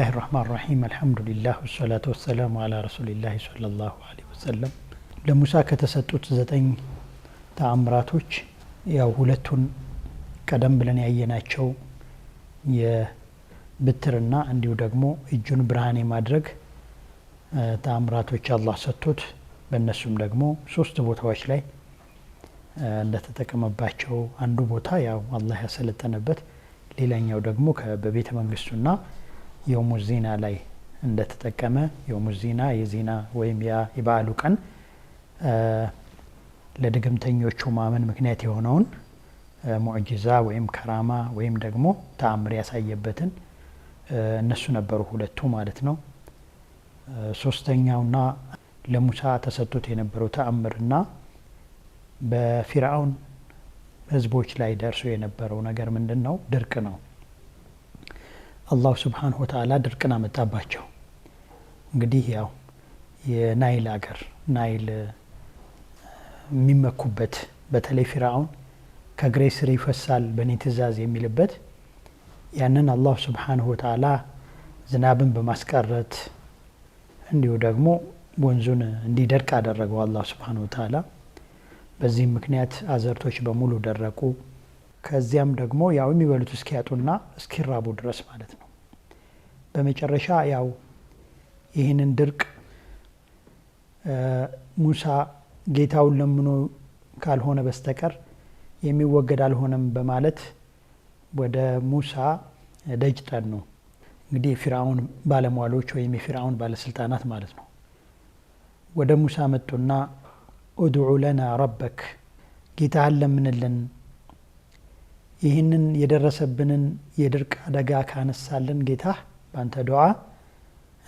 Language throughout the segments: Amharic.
ብስሚላህ ራህማን ራሒም አልሐምዱሊላህ ወሰላቱ ወሰላሙ አላ ረሱሊላህ ሰለላሁ አለይሂ ወሰለም። ለሙሳ ከተሰጡት ዘጠኝ ተአምራቶች ያው ሁለቱን ቀደም ብለን ያየናቸው የብትርና እንዲሁ ደግሞ እጁን ብርሃን የማድረግ ተአምራቶች አላህ ሰጥቶት በእነሱም ደግሞ ሶስት ቦታዎች ላይ እንደተጠቀመባቸው አንዱ ቦታ ያው አላህ ያሰለጠነበት ሌላኛው ደግሞ በቤተ መንግስቱና የሙዝ ዜና ላይ እንደተጠቀመ የሙዝ ዜና የዜና ወይም የበዓሉ ቀን ለድግምተኞቹ ማመን ምክንያት የሆነውን ሙዕጂዛ ወይም ከራማ ወይም ደግሞ ተአምር ያሳየበትን እነሱ ነበሩ ሁለቱ ማለት ነው። ሶስተኛውና ለሙሳ ተሰጥቶት የነበረው ተአምርና በፊርአውን ህዝቦች ላይ ደርሶ የነበረው ነገር ምንድን ነው? ድርቅ ነው። አላሁ ስብሓንሁ ወተዓላ ድርቅን አመጣባቸው። እንግዲህ ያው የናይል አገር ናይል የሚመኩበት በተለይ ፊርዓውን ከእግሬ ስር ይፈሳል በእኔ ትእዛዝ የሚልበት ያንን አላሁ ስብሓንሁ ወተዓላ ዝናብን በማስቀረት እንዲሁ ደግሞ ወንዙን እንዲደርቅ አደረገው አላሁ ስብሓንሁ ወተዓላ። በዚህም ምክንያት አዘርቶች በሙሉ ደረቁ። ከዚያም ደግሞ ያው የሚበሉት እስኪያጡና እስኪራቡ ድረስ ማለት ነው። በመጨረሻ ያው ይህንን ድርቅ ሙሳ ጌታውን ለምኖ ካልሆነ በስተቀር የሚወገድ አልሆነም በማለት ወደ ሙሳ ደጅ ጠኑ። እንግዲህ የፊራውን ባለሟሎች ወይም የፊራውን ባለስልጣናት ማለት ነው። ወደ ሙሳ መጡና ኡድዑ ለና ረበክ፣ ጌታህን ለምንልን ይህንን የደረሰብንን የድርቅ አደጋ ካነሳልን ጌታህ በአንተ ዱዓ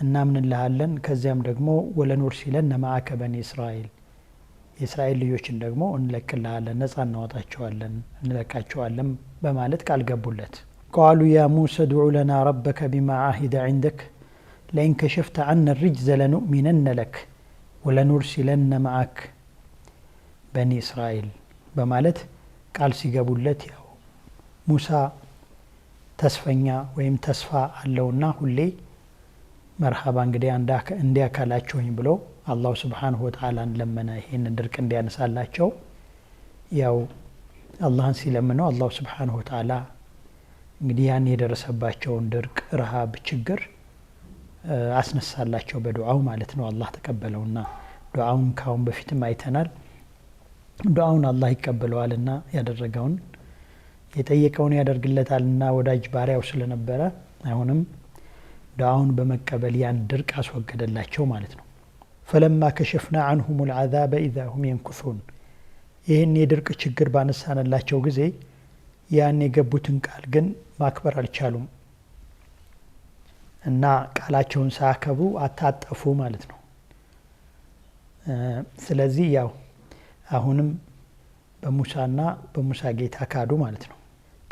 እናምንልሃለን። ከዚያም ደግሞ ወለኑር ሲለን ነማአከ በኒ እስራኤል የእስራኤል ልጆችን ደግሞ እንለክልሃለን፣ ነፃ እናወጣቸዋለን፣ እንለካቸዋለን በማለት ቃል ገቡለት። ቃሉ ያ ሙሳ ድዑ ለና ረበከ ቢማ አሂደ ዒንደክ ለኢን ከሸፍተ አነ ርጅዘ ለኑእሚነነ ለክ ሲለን ነማአክ በኒ እስራኤል በማለት ቃል ሲገቡለት ያው ሙሳ ተስፈኛ ወይም ተስፋ አለውና ሁሌ መርሃባ እንግዲህ እንዲያካላቸውኝ ብሎ አላሁ ስብሓንሁ ወተዓላን ለመነ። ይህንን ድርቅ እንዲያነሳላቸው ያው አላህን ሲለምነው አላሁ ስብሓንሁ ወተዓላ እንግዲህ ያን የደረሰባቸውን ድርቅ፣ ረሃብ፣ ችግር አስነሳላቸው በዱዓው ማለት ነው። አላህ ተቀበለውና ዱዓውን ካሁን በፊትም አይተናል። ዱዓውን አላህ ይቀበለዋልና ያደረገውን የጠየቀውን ያደርግለታልና ወዳጅ ባሪያው ስለነበረ አሁንም ዳውን በመቀበል ያን ድርቅ አስወገደላቸው ማለት ነው። ፈለማ ከሸፍና አንሁም ልአዛበ ኢዛ ሁም የንኩሱን ይህን የድርቅ ችግር ባነሳንላቸው ጊዜ ያን የገቡትን ቃል ግን ማክበር አልቻሉም እና ቃላቸውን ሳያከቡ አታጠፉ ማለት ነው። ስለዚህ ያው አሁንም በሙሳና በሙሳ ጌታ ካዱ ማለት ነው።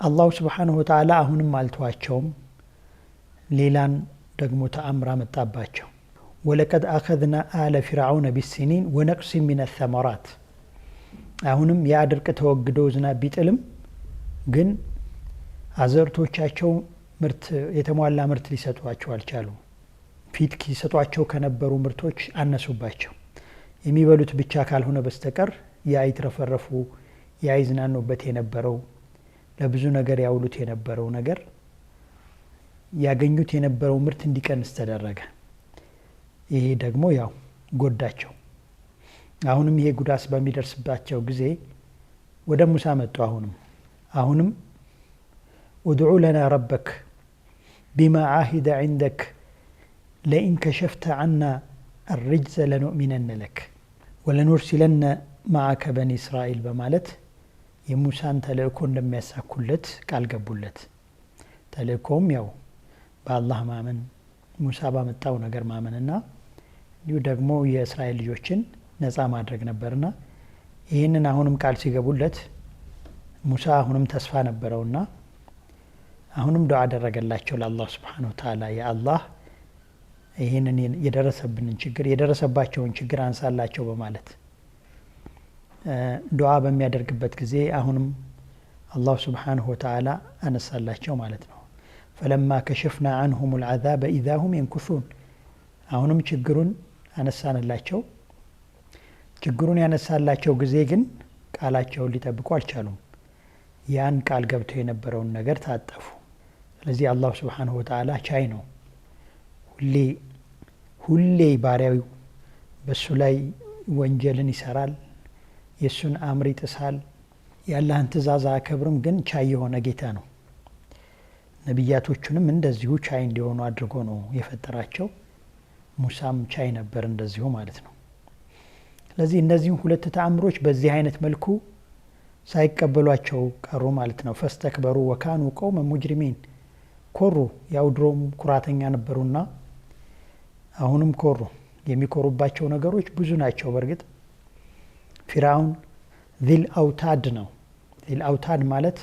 አላሁ ስብሓንሁ ወተዓላ አሁንም አልተዋቸውም። ሌላን ደግሞ ተአምር አመጣባቸው። ወለቀድ አኸዝና አለ ፊርዓውነ ቢሲኒን ወነቅሲ ሚነ ተመራት። አሁንም ያ ድርቅ ተወግዶ ዝናብ ቢጥልም ግን አዘርቶቻቸው ምርት የተሟላ ምርት ሊሰጧቸው አልቻሉ ፊት ሊሰጧቸው ከነበሩ ምርቶች አነሱባቸው። የሚበሉት ብቻ ካልሆነ በስተቀር ያ ይትረፈረፉ ያ ይዝናኑበት የነበረው ለብዙ ነገር ያውሉት የነበረው ነገር ያገኙት የነበረው ምርት እንዲቀንስ ተደረገ። ይሄ ደግሞ ያው ጎዳቸው። አሁንም ይሄ ጉዳስ በሚደርስባቸው ጊዜ ወደ ሙሳ መጡ። አሁንም አሁንም ኡድዑ ለና ረበክ ቢማ ዓሂደ ዒንደክ ለኢን ከሸፍተ ዓና አርጅዘ ለኑእሚነነ ለክ ወለኑርሲለነ መዓከ በኒ እስራኤል በማለት የሙሳን ተልእኮ እንደሚያሳኩለት ቃል ገቡለት። ተልእኮውም ያው በአላህ ማመን ሙሳ ባመጣው ነገር ማመንና እንዲሁ ደግሞ የእስራኤል ልጆችን ነፃ ማድረግ ነበርና ይህንን አሁንም ቃል ሲገቡለት ሙሳ አሁንም ተስፋ ነበረውና አሁንም ዶ አደረገላቸው ለአላህ ስብሓነ ወተዓላ የአላህ ይህንን የደረሰብንን ችግር የደረሰባቸውን ችግር አንሳላቸው በማለት ዱዓ በሚያደርግበት ጊዜ አሁንም አላሁ ስብሓንሁ ወተዓላ አነሳላቸው ማለት ነው። ፈለማ ከሸፍና አንሁም ልዓዛበ ኢዛ ሁም የንኩሱን አሁንም ችግሩን አነሳንላቸው። ችግሩን ያነሳላቸው ጊዜ ግን ቃላቸውን ሊጠብቁ አልቻሉም። ያን ቃል ገብተው የነበረውን ነገር ታጠፉ። ስለዚህ አላሁ ስብሓንሁ ወተዓላ ቻይ ነው። ሁሌ ሁሌ ባሪያው በእሱ ላይ ወንጀልን ይሰራል የእሱን አምር ይጥሳል፣ የአላህን ትእዛዝ አያከብርም። ግን ቻይ የሆነ ጌታ ነው። ነቢያቶቹንም እንደዚሁ ቻይ እንዲሆኑ አድርጎ ነው የፈጠራቸው። ሙሳም ቻይ ነበር እንደዚሁ ማለት ነው። ስለዚህ እነዚህም ሁለት ተአምሮች በዚህ አይነት መልኩ ሳይቀበሏቸው ቀሩ ማለት ነው። ፈስተክበሩ ወካኑ ቀውመ ሙጅሪሚን ኮሩ። ያው ድሮም ኩራተኛ ነበሩና አሁንም ኮሩ። የሚኮሩባቸው ነገሮች ብዙ ናቸው በእርግጥ ፊራውን ዚል አውታድ ነው። ዚል አውታድ ማለት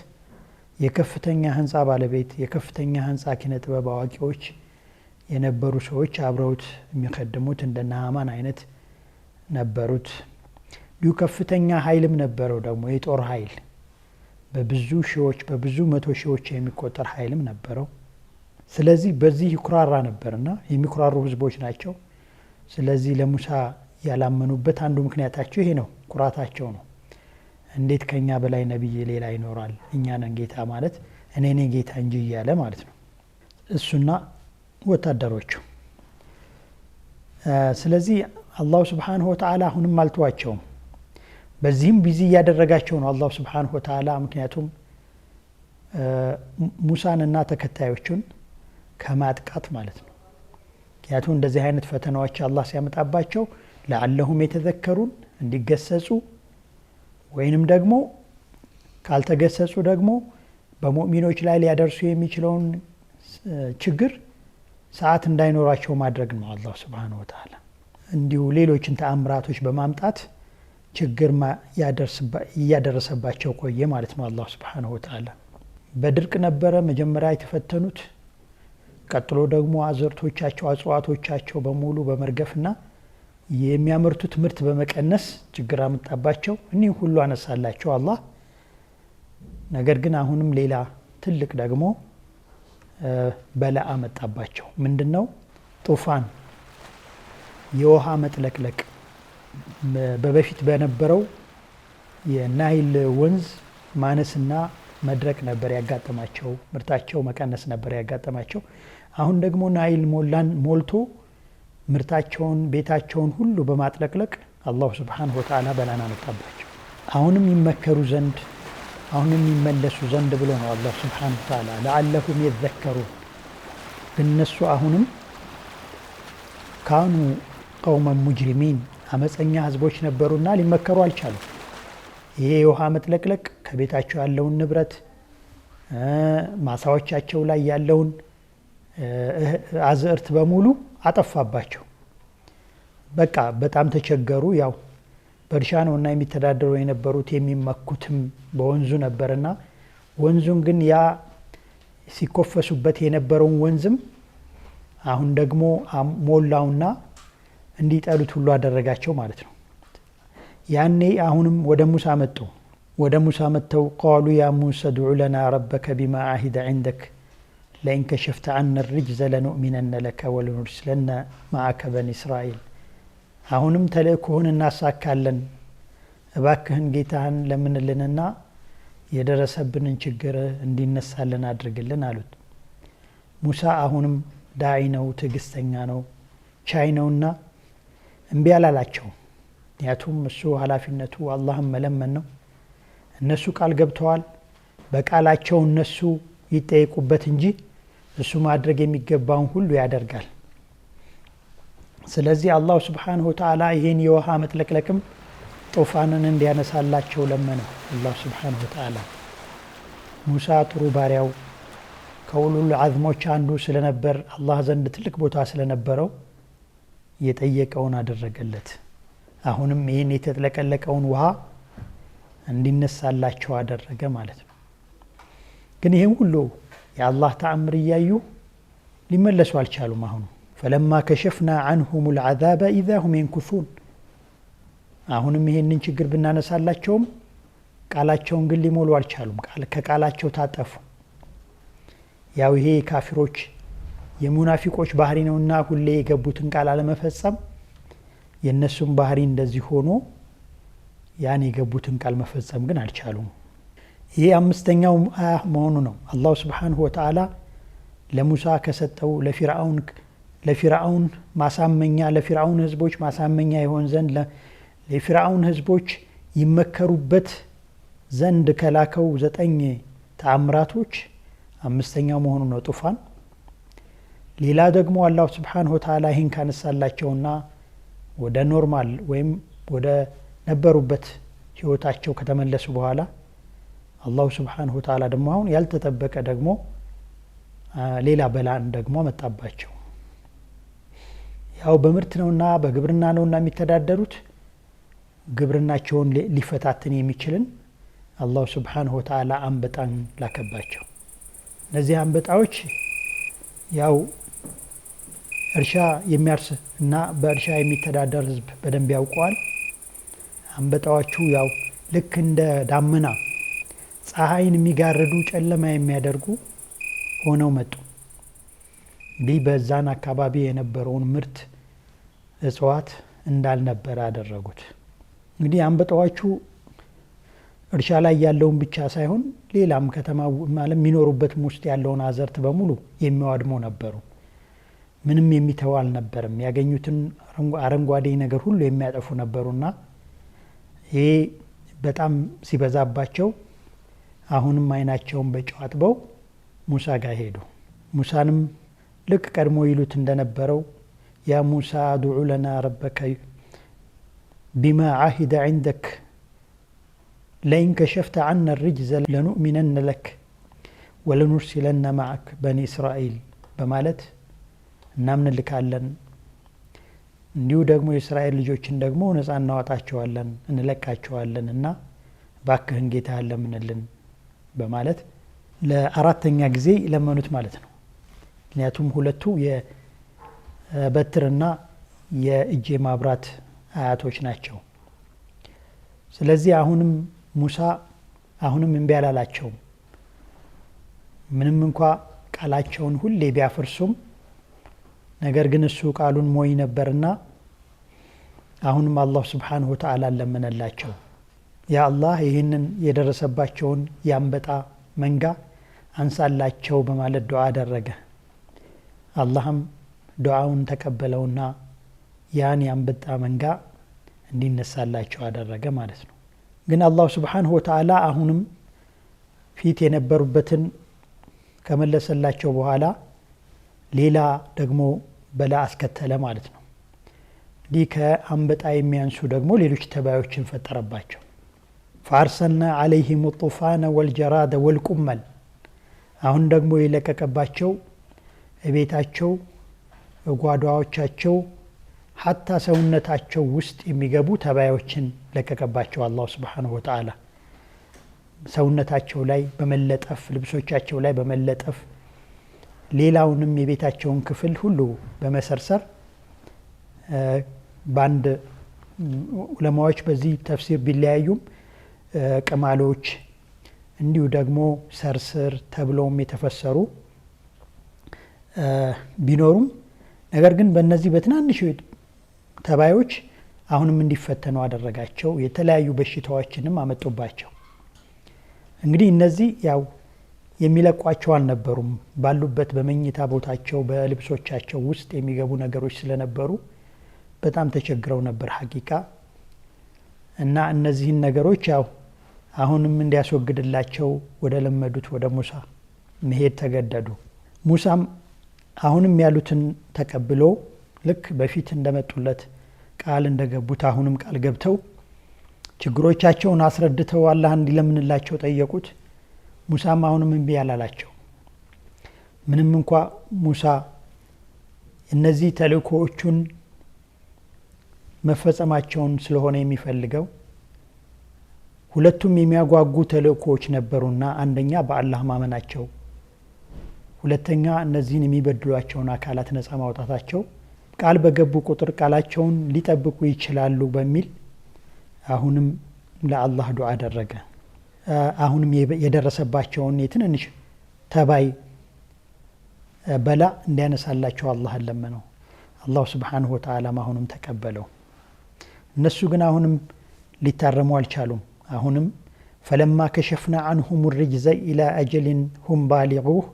የከፍተኛ ህንፃ ባለቤት የከፍተኛ ህንፃ ኪነጥበብ አዋቂዎች የነበሩ ሰዎች አብረውት የሚከድሙት እንደ ናሃማን አይነት ነበሩት። ዲሁ ከፍተኛ ኃይልም ነበረው ደግሞ የጦር ኃይል በብዙ ሺዎች በብዙ መቶ ሺዎች የሚቆጠር ኃይልም ነበረው። ስለዚህ በዚህ ይኩራራ ነበርና የሚኩራሩ ህዝቦች ናቸው። ስለዚህ ለሙሳ ያላመኑበት አንዱ ምክንያታቸው ይሄ ነው። ኩራታቸው ነው። እንዴት ከኛ በላይ ነቢይ ሌላ ይኖራል? እኛ ነን ጌታ ማለት እኔ እኔ ጌታ እንጂ እያለ ማለት ነው እሱና ወታደሮቹ። ስለዚህ አላሁ ስብሓንሁ ወተላ አሁንም አልተዋቸውም። በዚህም ቢዚ እያደረጋቸው ነው አላሁ ስብሓንሁ ወተላ ምክንያቱም ሙሳንና ተከታዮቹን ከማጥቃት ማለት ነው። ምክንያቱም እንደዚህ አይነት ፈተናዎች አላ ሲያመጣባቸው ለአለሁም የተዘከሩን እንዲገሰጹ ወይንም ደግሞ ካልተገሰጹ ደግሞ በሙእሚኖች ላይ ሊያደርሱ የሚችለውን ችግር ሰዓት እንዳይኖራቸው ማድረግ ነው። አላ ሱብሓነሁ ወተላ እንዲሁ ሌሎችን ተአምራቶች በማምጣት ችግር እያደረሰባቸው ቆየ ማለት ነው። አላህ ሱብሓነሁ ወተላ በድርቅ ነበረ መጀመሪያ የተፈተኑት። ቀጥሎ ደግሞ አዘርቶቻቸው አጽዋቶቻቸው በሙሉ በመርገፍና የሚያመርቱት ምርት በመቀነስ ችግር አመጣባቸው። እኒህ ሁሉ አነሳላቸው አላህ። ነገር ግን አሁንም ሌላ ትልቅ ደግሞ በላ አመጣባቸው። ምንድን ነው? ጡፋን፣ የውሃ መጥለቅለቅ። በበፊት በነበረው የናይል ወንዝ ማነስና መድረቅ ነበር ያጋጠማቸው። ምርታቸው መቀነስ ነበር ያጋጠማቸው። አሁን ደግሞ ናይል ሞላን ሞልቶ ምርታቸውን፣ ቤታቸውን ሁሉ በማጥለቅለቅ አላሁ ስብሓነሁ ወተዓላ በላን አመጣባቸው። አሁንም ይመከሩ ዘንድ አሁንም ይመለሱ ዘንድ ብሎ ነው አላሁ ስብሓነሁ ወተዓላ ለአለሁም የዘከሩ እነሱ አሁንም ካኑ ቀውመን ሙጅሪሚን አመፀኛ ህዝቦች ነበሩና ሊመከሩ አልቻሉም። ይሄ የውሃ መጥለቅለቅ ከቤታቸው ያለውን ንብረት ማሳዎቻቸው ላይ ያለውን አዝእርት በሙሉ አጠፋባቸው። በቃ በጣም ተቸገሩ። ያው በእርሻ እና የሚተዳደሩ የነበሩት የሚመኩትም በወንዙ ነበርና ወንዙን ግን ያ ሲኮፈሱበት የነበረውን ወንዝም አሁን ደግሞ ሞላውና እንዲጠሉት ሁሉ አደረጋቸው ማለት ነው። ያኔ አሁንም ወደ ሙሳ መጡ። ወደ ሙሳ መጥተው ቃሉ ያ ሙሳ ድዑ ለና ረበከ ቢማ አሂደ ዒንደክ ለኢን ከሸፍተ አነ ርጅዘ ለኑእሚነነ ለከ ወለኑርሲለነ ማዕከ በኒ እስራኤል አሁንም ተልእኮህን እናሳካለን እባክህን ጌታህን ለምንልንና የደረሰብንን ችግር እንዲነሳልን አድርግልን አሉት። ሙሳ አሁንም ዳዒ ነው፣ ትዕግስተኛ ነው፣ ቻይ ነውና እምቢ አላላቸው። ምክንያቱም እሱ ኃላፊነቱ አላህን መለመን ነው። እነሱ ቃል ገብተዋል። በቃላቸው እነሱ ይጠየቁበት እንጂ እሱ ማድረግ የሚገባውን ሁሉ ያደርጋል። ስለዚህ አላሁ ስብሓንሁ ወተዓላ ይህን የውሃ መጥለቅለቅም ጦፋንን እንዲያነሳላቸው ለመነ አላሁ ስብሓንሁ ወተዓላ ሙሳ ጥሩ ባሪያው ከውሉል አዝሞች አንዱ ስለነበር አላህ ዘንድ ትልቅ ቦታ ስለነበረው የጠየቀውን አደረገለት። አሁንም ይህን የተጥለቀለቀውን ውሃ እንዲነሳላቸው አደረገ ማለት ነው። ግን ይህም ሁሉ የአላህ ተአምር እያዩ ሊመለሱ አልቻሉም። አሁኑ ፈለማ ከሸፍና አንሁም ልዓዛበ ኢዛ ሁም የንኩሱን። አሁንም ይሄንን ችግር ብናነሳላቸውም ቃላቸውን ግን ሊሞሉ አልቻሉም። ከቃላቸው ታጠፉ። ያው ይሄ የካፊሮች የሙናፊቆች ባህሪ ነውና ሁሌ የገቡትን ቃል አለመፈጸም የእነሱም ባህሪ እንደዚህ ሆኖ ያን የገቡትን ቃል መፈጸም ግን አልቻሉም። ይሄ አምስተኛው መሆኑ ነው። አላሁ ስብሓንሁ ወተዓላ ለሙሳ ከሰጠው ለፊርዓውን ማሳመኛ ለፊርአውን ህዝቦች ማሳመኛ ይሆን ዘንድ የፊርዓውን ህዝቦች ይመከሩበት ዘንድ ከላከው ዘጠኝ ተአምራቶች አምስተኛው መሆኑ ነው ጡፋን። ሌላ ደግሞ አላሁ ስብሓንሁ ወተዓላ ይህን ካነሳላቸውና ወደ ኖርማል ወይም ወደ ነበሩበት ህይወታቸው ከተመለሱ በኋላ አላሁ ስብሓንሁ ተዓላ ደግሞ አሁን ያልተጠበቀ ደግሞ ሌላ በላን ደግሞ መጣባቸው። ያው በምርት ነውና በግብርና ነውና የሚተዳደሩት ግብርናቸውን ሊፈታትን የሚችልን አላሁ ስብሓንሁ ተዓላ አንበጣን ላከባቸው። እነዚህ አንበጣዎች ያው እርሻ የሚያርስ እና በእርሻ የሚተዳደር ህዝብ በደንብ ያውቀዋል። አንበጣዎቹ ያው ልክ እንደ ዳመና ፀሐይን የሚጋርዱ ጨለማ የሚያደርጉ ሆነው መጡ። እንዲህ በዛን አካባቢ የነበረውን ምርት እጽዋት እንዳልነበረ አደረጉት። እንግዲህ አንበጣዎቹ እርሻ ላይ ያለውን ብቻ ሳይሆን ሌላም ከተማ ማለት የሚኖሩበትም ውስጥ ያለውን አዘርት በሙሉ የሚያወድሙ ነበሩ። ምንም የሚተው አልነበርም። ያገኙትን አረንጓዴ ነገር ሁሉ የሚያጠፉ ነበሩና ይሄ በጣም ሲበዛባቸው አሁንም አይናቸውን በጨዋትበው ሙሳ ጋር ሄዱ። ሙሳንም ልክ ቀድሞ ይሉት እንደነበረው ያ ሙሳ አድዑ ለና ረበከ ቢማ ዓሂደ ዒንደክ ለኢን ከሸፍተ ዓና ርጅዘ ለኑእሚነነ ለክ ወለኑርሲለና ማዕክ በኒ እስራኤል በማለት እናምንልካለን እንዲሁ ደግሞ የእስራኤል ልጆችን ደግሞ ነፃ እናወጣቸዋለን እንለቃቸዋለን እና ባክህን ጌታ ለምንልን በማለት ለአራተኛ ጊዜ ለመኑት ማለት ነው። ምክንያቱም ሁለቱ የበትርና የእጄ ማብራት አያቶች ናቸው። ስለዚህ አሁንም ሙሳ አሁንም እምቢ አላላቸውም። ምንም እንኳ ቃላቸውን ሁሌ ቢያፈርሱም ነገር ግን እሱ ቃሉን ሞይ ነበርና አሁንም አላሁ ስብሓነሁ ወተዓላ ለመነላቸው። ያ ይህንን የደረሰባቸውን የአንበጣ መንጋ አንሳላቸው በማለት ዱዓ አደረገ። አላህም ዱዓውን ተቀበለውና ያን የአንበጣ መንጋ እንዲነሳላቸው አደረገ ማለት ነው። ግን አላሁ ስብሓንሁ ወተዓላ አሁንም ፊት የነበሩበትን ከመለሰላቸው በኋላ ሌላ ደግሞ በላ አስከተለ ማለት ነው። እንዲህ ከአንበጣ የሚያንሱ ደግሞ ሌሎች ተባዮችን ፈጠረባቸው። ፈአርሰልና አለይህም ጡፋነ ወልጀራደ ወልቁመል አሁን ደግሞ የለቀቀባቸው እቤታቸው እጓዷዎቻቸው ሀታ ሰውነታቸው ውስጥ የሚገቡ ተባዮችን ለቀቀባቸው አላሁ ስብሓነሁ ወተዓላ ሰውነታቸው ላይ በመለጠፍ ልብሶቻቸው ላይ በመለጠፍ ሌላውንም የቤታቸውን ክፍል ሁሉ በመሰርሰር በአንድ ዑለማዎች በዚህ ተፍሲር ቢለያዩም ቅማሎች እንዲሁ ደግሞ ሰርስር ተብለውም የተፈሰሩ ቢኖሩም ነገር ግን በእነዚህ በትናንሽ ተባዮች አሁንም እንዲፈተኑ አደረጋቸው። የተለያዩ በሽታዎችንም አመጡባቸው። እንግዲህ እነዚህ ያው የሚለቋቸው አልነበሩም። ባሉበት በመኝታ ቦታቸው በልብሶቻቸው ውስጥ የሚገቡ ነገሮች ስለነበሩ በጣም ተቸግረው ነበር ሀቂቃ እና እነዚህን ነገሮች ያው አሁንም እንዲያስወግድላቸው ወደ ለመዱት ወደ ሙሳ መሄድ ተገደዱ። ሙሳም አሁንም ያሉትን ተቀብሎ ልክ በፊት እንደመጡለት ቃል እንደገቡት አሁንም ቃል ገብተው ችግሮቻቸውን አስረድተው አላህ እንዲለምንላቸው ጠየቁት። ሙሳም አሁንም እንቢ ያላላቸው ምንም እንኳ ሙሳ እነዚህ ተልእኮዎቹን መፈጸማቸውን ስለሆነ የሚፈልገው ሁለቱም የሚያጓጉ ተልእኮዎች ነበሩና አንደኛ በአላህ ማመናቸው፣ ሁለተኛ እነዚህን የሚበድሏቸውን አካላት ነፃ ማውጣታቸው። ቃል በገቡ ቁጥር ቃላቸውን ሊጠብቁ ይችላሉ በሚል አሁንም ለአላህ ዱዓ አደረገ። አሁንም የደረሰባቸውን የትንንሽ ተባይ በላ እንዲያነሳላቸው አላህ ለመነው። አላሁ ስብሓንሁ ወተዓላም አሁንም ተቀበለው። እነሱ ግን አሁንም ሊታረሙ አልቻሉም። አሁንም ፈለማ ከሸፍና አንሁም ርጅዘ ኢላ አጀሊን ሁም ባሊዑህ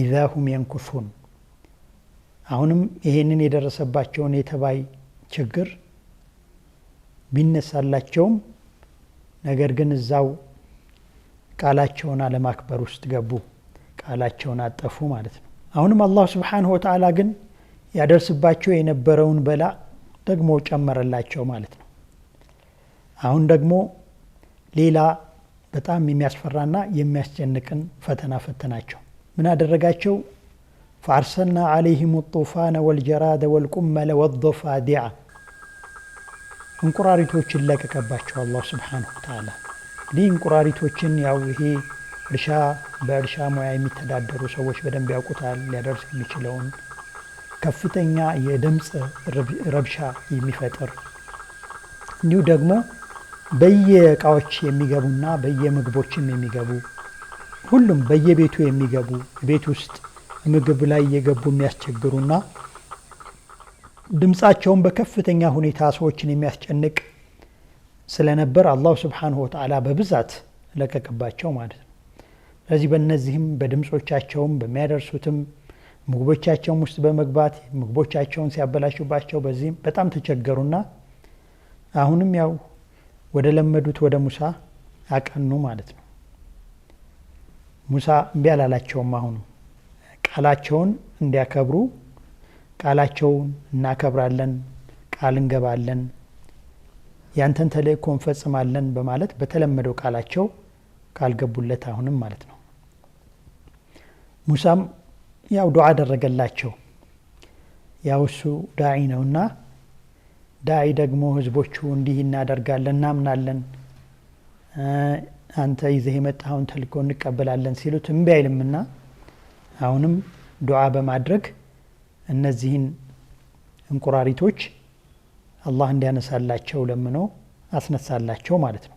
ኢዛ ሁም የንኩሱን። አሁንም ይሄንን የደረሰባቸውን የተባይ ችግር ቢነሳላቸውም ነገር ግን እዛው ቃላቸውን አለማክበር ውስጥ ገቡ፣ ቃላቸውን አጠፉ ማለት ነው። አሁንም አላሁ ስብሓንሁ ወተዓላ ግን ያደርስባቸው የነበረውን በላ ደግሞ ጨመረላቸው ማለት ነው። አሁን ደግሞ ሌላ በጣም የሚያስፈራና የሚያስጨንቅን ፈተና ፈተናቸው። ምን አደረጋቸው? ፈአርሰልና ዓለይህም ጡፋነ ወልጀራደ ወልቁመለ ወደፋዲዓ እንቁራሪቶችን ለቀቀባቸው አላህ ስብሓነሁ ወተዓላ። እንዲህ እንቁራሪቶችን ያው ይሄ እርሻ በእርሻ ሙያ የሚተዳደሩ ሰዎች በደንብ ያውቁታል። ሊያደርስ የሚችለውን ከፍተኛ የድምፅ ረብሻ የሚፈጥር እንዲሁ ደግሞ በየእቃዎች የሚገቡና በየምግቦችም የሚገቡ ሁሉም በየቤቱ የሚገቡ ቤት ውስጥ ምግብ ላይ እየገቡ የሚያስቸግሩና ድምፃቸውን በከፍተኛ ሁኔታ ሰዎችን የሚያስጨንቅ ስለነበር አላሁ ስብሓንሁ ወተላ በብዛት ለቀቅባቸው ማለት ነው። ስለዚህ በእነዚህም በድምፆቻቸውም በሚያደርሱትም ምግቦቻቸውም ውስጥ በመግባት ምግቦቻቸውን ሲያበላሹባቸው በዚህም በጣም ተቸገሩና አሁንም ያው ወደ ለመዱት ወደ ሙሳ አቀኑ ማለት ነው። ሙሳ እምቢ አላላቸውም። አሁኑ ቃላቸውን እንዲያከብሩ ቃላቸውን እናከብራለን፣ ቃል እንገባለን፣ ያንተን ተልእኮ እንፈጽማለን በማለት በተለመደው ቃላቸው ቃል ገቡለት አሁንም ማለት ነው። ሙሳም ያው ዱዓ አደረገላቸው ያው እሱ ዳዒ ነውና ዳይ ደግሞ ህዝቦቹ እንዲህ እናደርጋለን እናምናለን፣ አንተ ይዘህ የመጣኸውን ተልኮ እንቀበላለን ሲሉት እምቢ አይልምና አሁንም ዱዓ በማድረግ እነዚህን እንቁራሪቶች አላህ እንዲያነሳላቸው ለምኖ አስነሳላቸው ማለት ነው።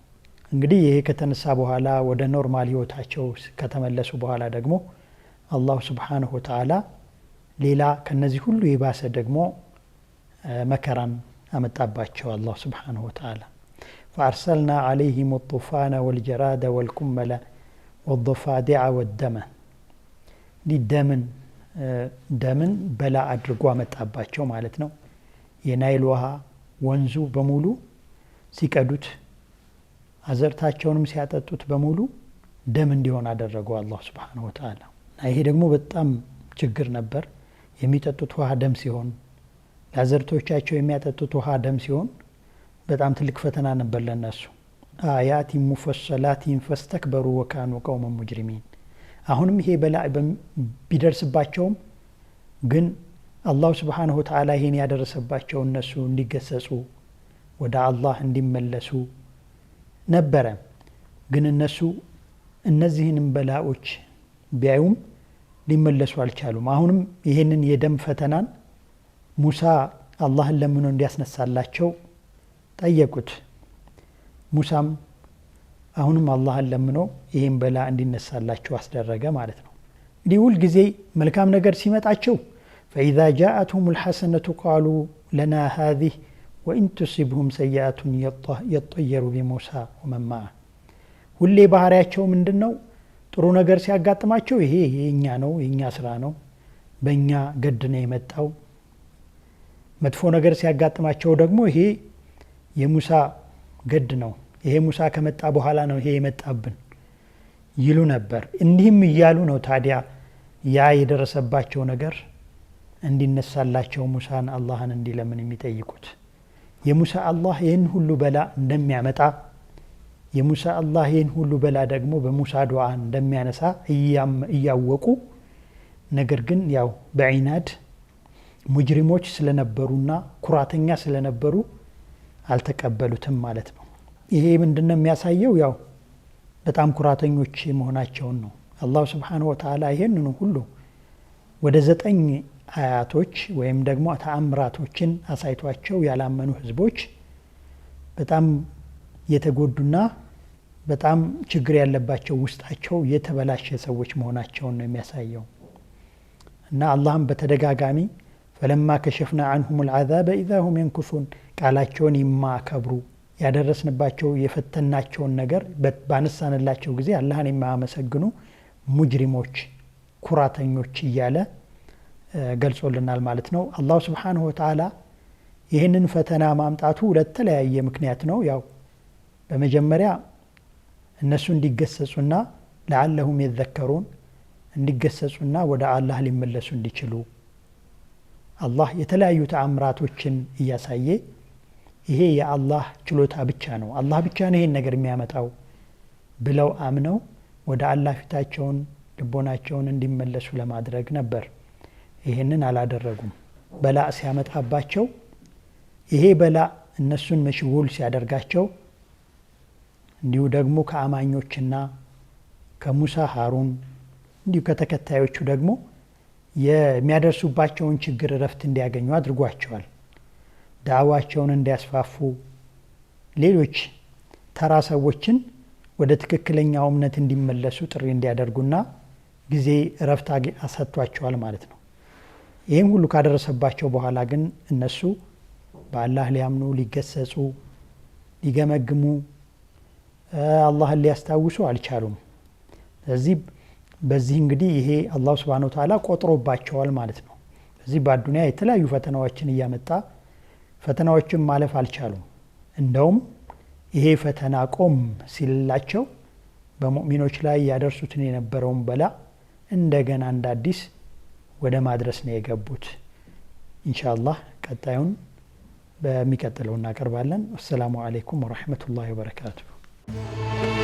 እንግዲህ ይሄ ከተነሳ በኋላ ወደ ኖርማል ህይወታቸው ከተመለሱ በኋላ ደግሞ አላሁ ስብሓንሁ ወተዓላ ሌላ ከነዚህ ሁሉ የባሰ ደግሞ መከራን አመጣባቸው አላህ ስብሓንሁ ወተዓላ ፈአርሰልና አለይህም ጡፋነ ወልጀራደ ወልቁመለ ወضፋዲዐ ወደመ ደምን ደምን በላ አድርጎ አመጣባቸው ማለት ነው። የናይል ውሃ ወንዙ በሙሉ ሲቀዱት አዘርታቸውንም ሲያጠጡት በሙሉ ደም እንዲሆን አደረገው አላህ ስብሓነሁ ወተዓላ። ይሄ ደግሞ በጣም ችግር ነበር። የሚጠጡት ውሃ ደም ሲሆን ለአዘርቶቻቸው የሚያጠጡት ውሃ ደም ሲሆን በጣም ትልቅ ፈተና ነበር ለነሱ። አያቲ ሙፈሰላቲን ፈስተክበሩ ወካኑ ቀውመ ሙጅሪሚን። አሁንም ይሄ በላይ ቢደርስባቸውም ግን አላሁ ስብሓንሁ ወተዓላ ይሄን ያደረሰባቸው እነሱ እንዲገሰጹ ወደ አላህ እንዲመለሱ ነበረ። ግን እነሱ እነዚህንም በላዎች ቢያዩም ሊመለሱ አልቻሉም። አሁንም ይሄንን የደም ፈተናን ሙሳ አላህን ለምኖ እንዲያስነሳላቸው ጠየቁት። ሙሳም አሁንም አላህን ለምኖ ይህም በላ እንዲነሳላቸው አስደረገ ማለት ነው። እንግዲህ ሁልጊዜ መልካም ነገር ሲመጣቸው ፈኢዛ ጃአትሁም ልሐሰነቱ ቃሉ ለና ሃዚህ ወኢን ቱሲብሁም ሰይአቱን የጠየሩ ቢሙሳ ወመማ ሁሌ ባህሪያቸው ምንድን ነው? ጥሩ ነገር ሲያጋጥማቸው ይሄ የእኛ ነው የእኛ ስራ ነው በእኛ ገድነ የመጣው መጥፎ ነገር ሲያጋጥማቸው ደግሞ ይሄ የሙሳ ገድ ነው፣ ይሄ ሙሳ ከመጣ በኋላ ነው ይሄ የመጣብን ይሉ ነበር። እንዲህም እያሉ ነው ታዲያ ያ የደረሰባቸው ነገር እንዲነሳላቸው ሙሳን አላህን እንዲለምን የሚጠይቁት። የሙሳ አላህ ይህን ሁሉ በላ እንደሚያመጣ የሙሳ አላህ ይህን ሁሉ በላ ደግሞ በሙሳ ዱዓ እንደሚያነሳ እያወቁ ነገር ግን ያው በዒናድ ሙጅሪሞች ስለነበሩና ኩራተኛ ስለነበሩ አልተቀበሉትም ማለት ነው። ይሄ ምንድነው የሚያሳየው? ያው በጣም ኩራተኞች መሆናቸውን ነው። አላሁ ስብሓነሁ ወተዓላ ይሄንኑ ሁሉ ወደ ዘጠኝ አያቶች ወይም ደግሞ ተአምራቶችን አሳይቷቸው ያላመኑ ህዝቦች በጣም የተጎዱና በጣም ችግር ያለባቸው ውስጣቸው የተበላሸ ሰዎች መሆናቸውን ነው የሚያሳየው እና አላህም በተደጋጋሚ ፈለማ ከሸፍነ አንሁም ልዓዛበ ኢዛ ሁም የንኩሱን ቃላቸውን የማያከብሩ ያደረስንባቸው የፈተናቸውን ነገር ባነሳንላቸው ጊዜ አላህን የማያመሰግኑ ሙጅሪሞች፣ ኩራተኞች እያለ ገልጾልናል ማለት ነው። አላሁ ስብሓንሁ ወተዓላ ይህንን ፈተና ማምጣቱ ለተለያየ ምክንያት ነው። ያው በመጀመሪያ እነሱ እንዲገሰጹና ለአለሁም የዘከሩን እንዲገሰጹና ወደ አላህ ሊመለሱ እንዲችሉ አላህ የተለያዩ ተአምራቶችን እያሳየ ይሄ የአላህ ችሎታ ብቻ ነው፣ አላህ ብቻ ነው ይሄን ነገር የሚያመጣው ብለው አምነው ወደ አላህ ፊታቸውን ልቦናቸውን እንዲመለሱ ለማድረግ ነበር። ይህንን አላደረጉም። በላእ ሲያመጣባቸው ይሄ በላእ እነሱን መሽጉል ሲያደርጋቸው እንዲሁ ደግሞ ከአማኞችና ከሙሳ ሀሩን እንዲሁ ከተከታዮቹ ደግሞ የሚያደርሱባቸውን ችግር እረፍት እንዲያገኙ አድርጓቸዋል። ዳዕዋቸውን እንዲያስፋፉ፣ ሌሎች ተራ ሰዎችን ወደ ትክክለኛው እምነት እንዲመለሱ ጥሪ እንዲያደርጉና ጊዜ እረፍት አሰጥቷቸዋል ማለት ነው። ይህም ሁሉ ካደረሰባቸው በኋላ ግን እነሱ በአላህ ሊያምኑ፣ ሊገሰጹ፣ ሊገመግሙ፣ አላህን ሊያስታውሱ አልቻሉም። ስለዚህ በዚህ እንግዲህ ይሄ አላህ ስብሐነሁ ወተዓላ ቆጥሮባቸዋል ማለት ነው። በዚህ በአዱንያ የተለያዩ ፈተናዎችን እያመጣ ፈተናዎችን ማለፍ አልቻሉም። እንደውም ይሄ ፈተና ቆም ሲልላቸው በሙእሚኖች ላይ ያደርሱትን የነበረውን በላ እንደገና እንደ አዲስ ወደ ማድረስ ነው የገቡት። ኢንሻአላህ ቀጣዩን በሚቀጥለው እናቀርባለን። አሰላሙ አለይኩም ወረሕመቱላሂ ወበረካቱ።